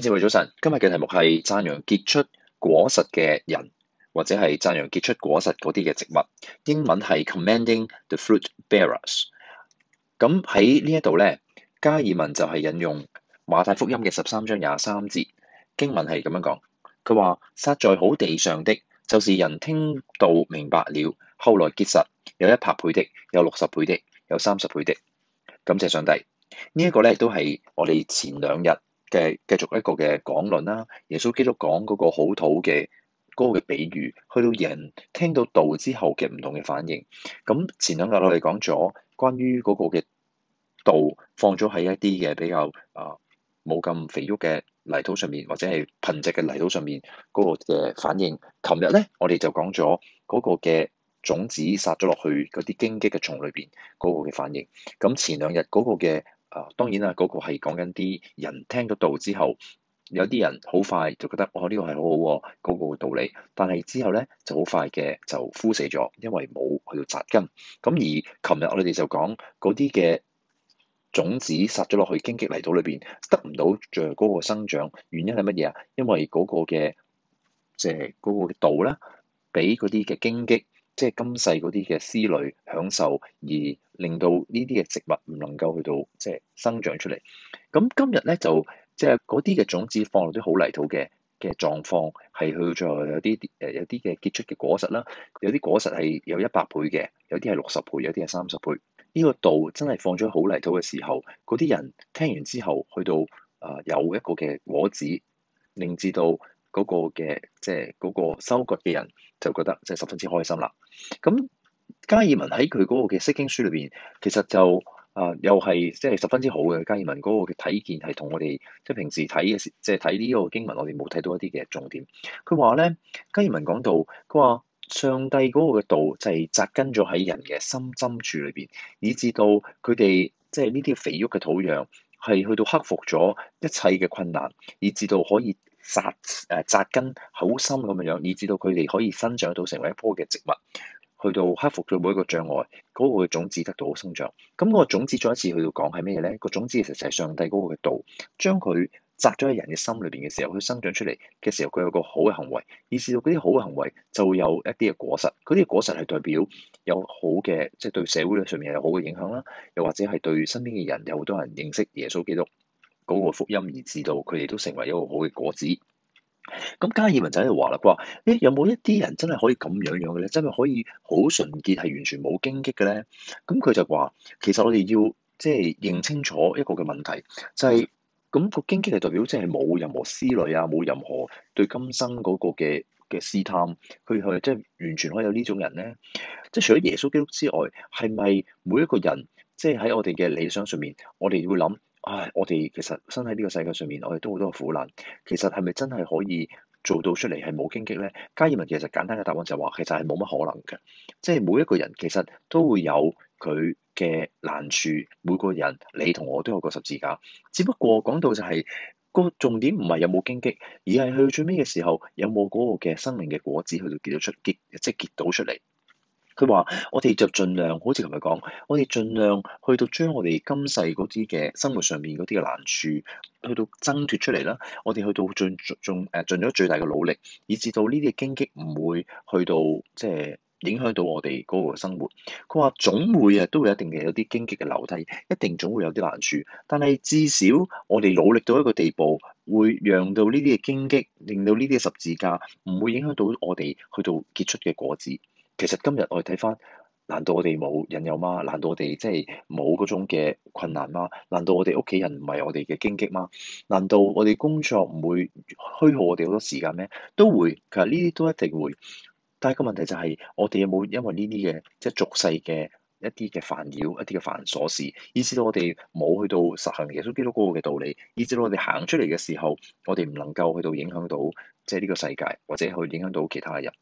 頂住，早晨。今日嘅題目係讚揚結出果實嘅人，或者係讚揚結出果實嗰啲嘅植物。英文係 commanding the fruit bearers。咁喺呢一度咧，加爾文就係引用馬太福音嘅十三章廿三節經文係咁樣講。佢話：撒在好地上的就是人聽到明白了，後來結實，有一百倍的，有六十倍的，有三十倍的。感謝上帝，這個、呢一個咧都係我哋前兩日。嘅繼續一個嘅講論啦，耶穌基督講嗰個好土嘅嗰個嘅比喻，去到人聽到道之後嘅唔同嘅反應。咁前兩日我哋講咗關於嗰個嘅道放咗喺一啲嘅比較啊冇咁肥沃嘅泥土上面，或者係貧瘠嘅泥土上面嗰個嘅反應。琴日咧我哋就講咗嗰個嘅種子撒咗落去嗰啲荊棘嘅叢裏邊嗰個嘅反應。咁前兩日嗰個嘅。啊，當然啦，嗰個係講緊啲人聽咗道之後，有啲人好快就覺得，哇、哦，呢個係好好喎，嗰個道理。但係之後咧，就好快嘅就枯死咗，因為冇去到扎根。咁而琴日我哋就講嗰啲嘅種子撒咗落去荊棘泥土裏邊，得唔到最後嗰個生長，原因係乜嘢啊？因為嗰個嘅即係嗰個道咧，俾嗰啲嘅荊棘。即係今世嗰啲嘅思慮享受，而令到呢啲嘅植物唔能夠去到即係生長出嚟。咁今日咧就即係嗰啲嘅種子放落啲好泥土嘅嘅狀況，係去到最後有啲誒有啲嘅結出嘅果實啦，有啲果實係有一百倍嘅，有啲係六十倍，有啲係三十倍。呢個度真係放咗好泥土嘅時候，嗰啲人聽完之後去到啊有一個嘅果子，令至到。嗰個嘅即係嗰個收割嘅人就覺得即係十分之開心啦。咁加爾文喺佢嗰個嘅釋經書裏邊，其實就啊、呃、又係即係十分之好嘅。加爾文嗰個嘅睇見係同我哋即係平時睇嘅，即係睇呢個經文，我哋冇睇到一啲嘅重點。佢話咧，加爾文講到佢話上帝嗰個嘅道就係扎根咗喺人嘅心針處裏邊，以至到佢哋即係呢啲肥沃嘅土壤係去到克服咗一切嘅困難，以至到可以。扎誒扎根好深咁樣樣，以至到佢哋可以生長到成為一棵嘅植物，去到克服咗每一個障礙，嗰個種子得到好生長。咁嗰個種子再一次去到講係咩嘢咧？那個種子其實就係上帝嗰個嘅道，將佢扎咗喺人嘅心裏邊嘅時候，佢生長出嚟嘅時候，佢有個好嘅行為，以至到嗰啲好嘅行為就會有一啲嘅果實。嗰啲果實係代表有好嘅，即係對社會上面有好嘅影響啦，又或者係對身邊嘅人有好多人認識耶穌基督。嗰個福音而至到，佢哋都成為一個好嘅果子。咁加爾文仔就喺話啦，佢話：誒、欸、有冇一啲人真係可以咁樣樣嘅咧？真係可以好純潔，係完全冇荊棘嘅咧？咁佢就話：其實我哋要即係、就是、認清楚一個嘅問題，就係、是、咁、那個荊棘係代表即係冇任何思慮啊，冇任何對今生嗰個嘅嘅試探。佢係即係完全可以有呢種人咧。即、就、係、是、除咗耶穌基督之外，係咪每一個人即係喺我哋嘅理想上面，我哋會諗？唉，我哋其實身喺呢個世界上面，我哋都好多苦難。其實係咪真係可以做到出嚟係冇荊棘咧？加爾文其實簡單嘅答案就係、是、話，其實係冇乜可能嘅。即係每一個人其實都會有佢嘅難處，每個人你同我都有個十字架。只不過講到就係、是那個重點，唔係有冇荊棘，而係去最尾嘅時候有冇嗰個嘅生命嘅果子去到結,結到出結，即係結到出嚟。佢話：我哋就盡量，好似尋日講，我哋盡量去到將我哋今世嗰啲嘅生活上面嗰啲嘅難處，去到掙脫出嚟啦。我哋去到盡盡誒盡咗最大嘅努力，以至到呢啲嘅荊棘唔會去到即係、就是、影響到我哋嗰個生活。佢話總會啊，都會一定有定嘅有啲荊棘嘅留低，一定總會有啲難處，但係至少我哋努力到一個地步，會讓到呢啲嘅荊棘，令到呢啲十字架唔會影響到我哋去到結出嘅果子。其實今日我哋睇翻，難道我哋冇引誘嗎？難道我哋即係冇嗰種嘅困難嗎？難道我哋屋企人唔係我哋嘅荊棘嗎？難道我哋工作唔會虛耗我哋好多時間咩？都會，其實呢啲都一定會。但係個問題就係，我哋有冇因為呢啲嘅即係俗世嘅一啲嘅煩擾、一啲嘅煩瑣事，以至到我哋冇去到實行耶穌基督嗰個嘅道理，以至到我哋行出嚟嘅時候，我哋唔能夠去到影響到即係呢個世界，或者去影響到其他人。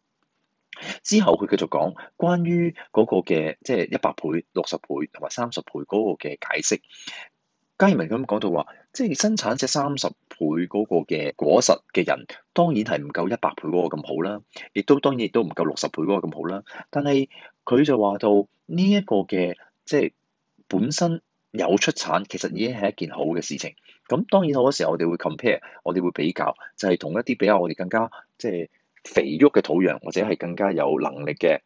之後佢繼續講關於嗰個嘅即係一百倍、六十倍同埋三十倍嗰個嘅解釋。嘉義文咁講到話，即係生產只三十倍嗰個嘅果實嘅人，當然係唔夠一百倍嗰個咁好啦，亦都當然亦都唔夠六十倍嗰個咁好啦。但係佢就話到呢一個嘅即係本身有出產，其實已經係一件好嘅事情。咁當然好多時候我哋會 compare，我哋會比較，就係同一啲比較我哋更加即係。就是肥沃嘅土壤，或者係更加有能力嘅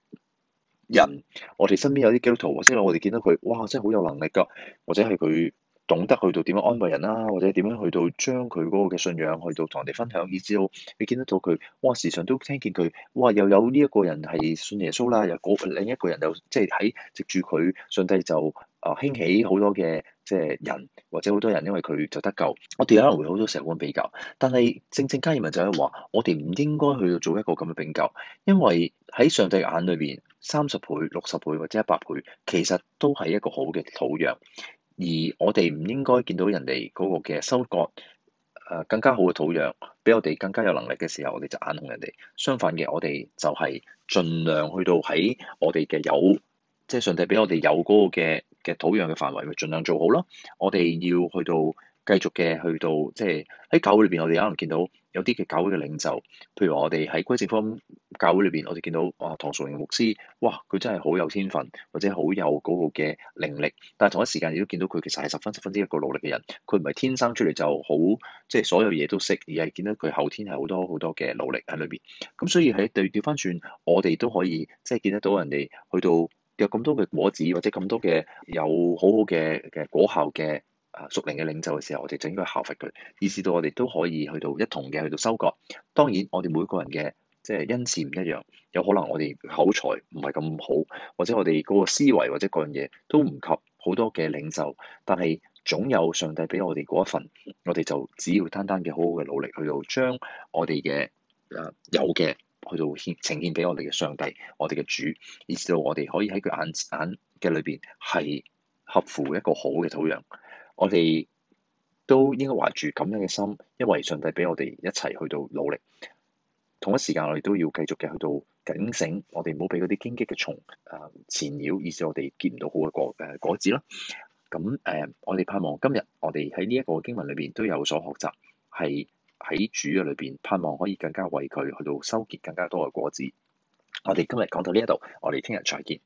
人，我哋身邊有啲基督徒，或者我哋見到佢，哇，真係好有能力㗎，或者係佢懂得去到點樣安慰人啦、啊，或者點樣去到將佢嗰個嘅信仰去到同人哋分享，以至到你見得到佢，哇！時常都聽見佢，哇！又有呢一個人係信耶穌啦，又份、那個、另一個人又即係喺藉住佢上帝就。啊，興起好多嘅即係人，或者好多人，因為佢就得救。 我哋可能會好多成好比較，但係正正加爾文就係話，我哋唔應該去到做一個咁嘅比較，因為喺上帝眼裏邊，三十倍、六十倍或者一百倍，其實都係一個好嘅土壤。而我哋唔應該見到人哋嗰個嘅收割誒、呃、更加好嘅土壤，比我哋更加有能力嘅時候，我哋就眼紅人哋。相反嘅，我哋就係盡量去到喺我哋嘅有，即係上帝俾我哋有嗰個嘅，嘅土壤嘅範圍咪盡量做好咯。我哋要去到繼續嘅去到，即係喺教會裏邊，我哋可能見到有啲嘅教會嘅領袖，譬如我哋喺歸正方教會裏邊，我哋見到啊唐崇榮牧師，哇，佢真係好有天分，或者好有嗰個嘅靈力。但係同一時間亦都見到佢其實係十分十分之一個努力嘅人，佢唔係天生出嚟就好，即係所有嘢都識，而係見到佢後天係好多好多嘅努力喺裏邊，咁所以喺對調翻轉，我哋都可以即係見得到人哋去到。有咁多嘅果子，或者咁多嘅有好好嘅嘅果效嘅啊，屬靈嘅領袖嘅時候，我哋就應該效法佢。以至到我哋都可以去到一同嘅去到收割。當然，我哋每個人嘅即係恩賜唔一樣，有可能我哋口才唔係咁好，或者我哋嗰個思維或者各樣嘢都唔及好多嘅領袖。但係總有上帝畀我哋嗰一份，我哋就只要單單嘅好好嘅努力去到將我哋嘅啊有嘅。去到獻呈，獻俾我哋嘅上帝，我哋嘅主，以至到我哋可以喺佢眼眼嘅裏邊係合乎一個好嘅土壤。我哋都應該懷住咁樣嘅心，因為上帝俾我哋一齊去到努力。同一時間，我哋都要繼續嘅去到警醒，我哋唔好俾嗰啲荊棘嘅蟲啊纏繞，以至我哋見唔到好嘅果誒果子啦。咁誒，uh, 我哋盼望今日我哋喺呢一個經文裏邊都有所學習係。喺主嘅裏邊，盼望可以更加為佢去到收結更加多嘅果子。我哋今日講到呢一度，我哋聽日再見。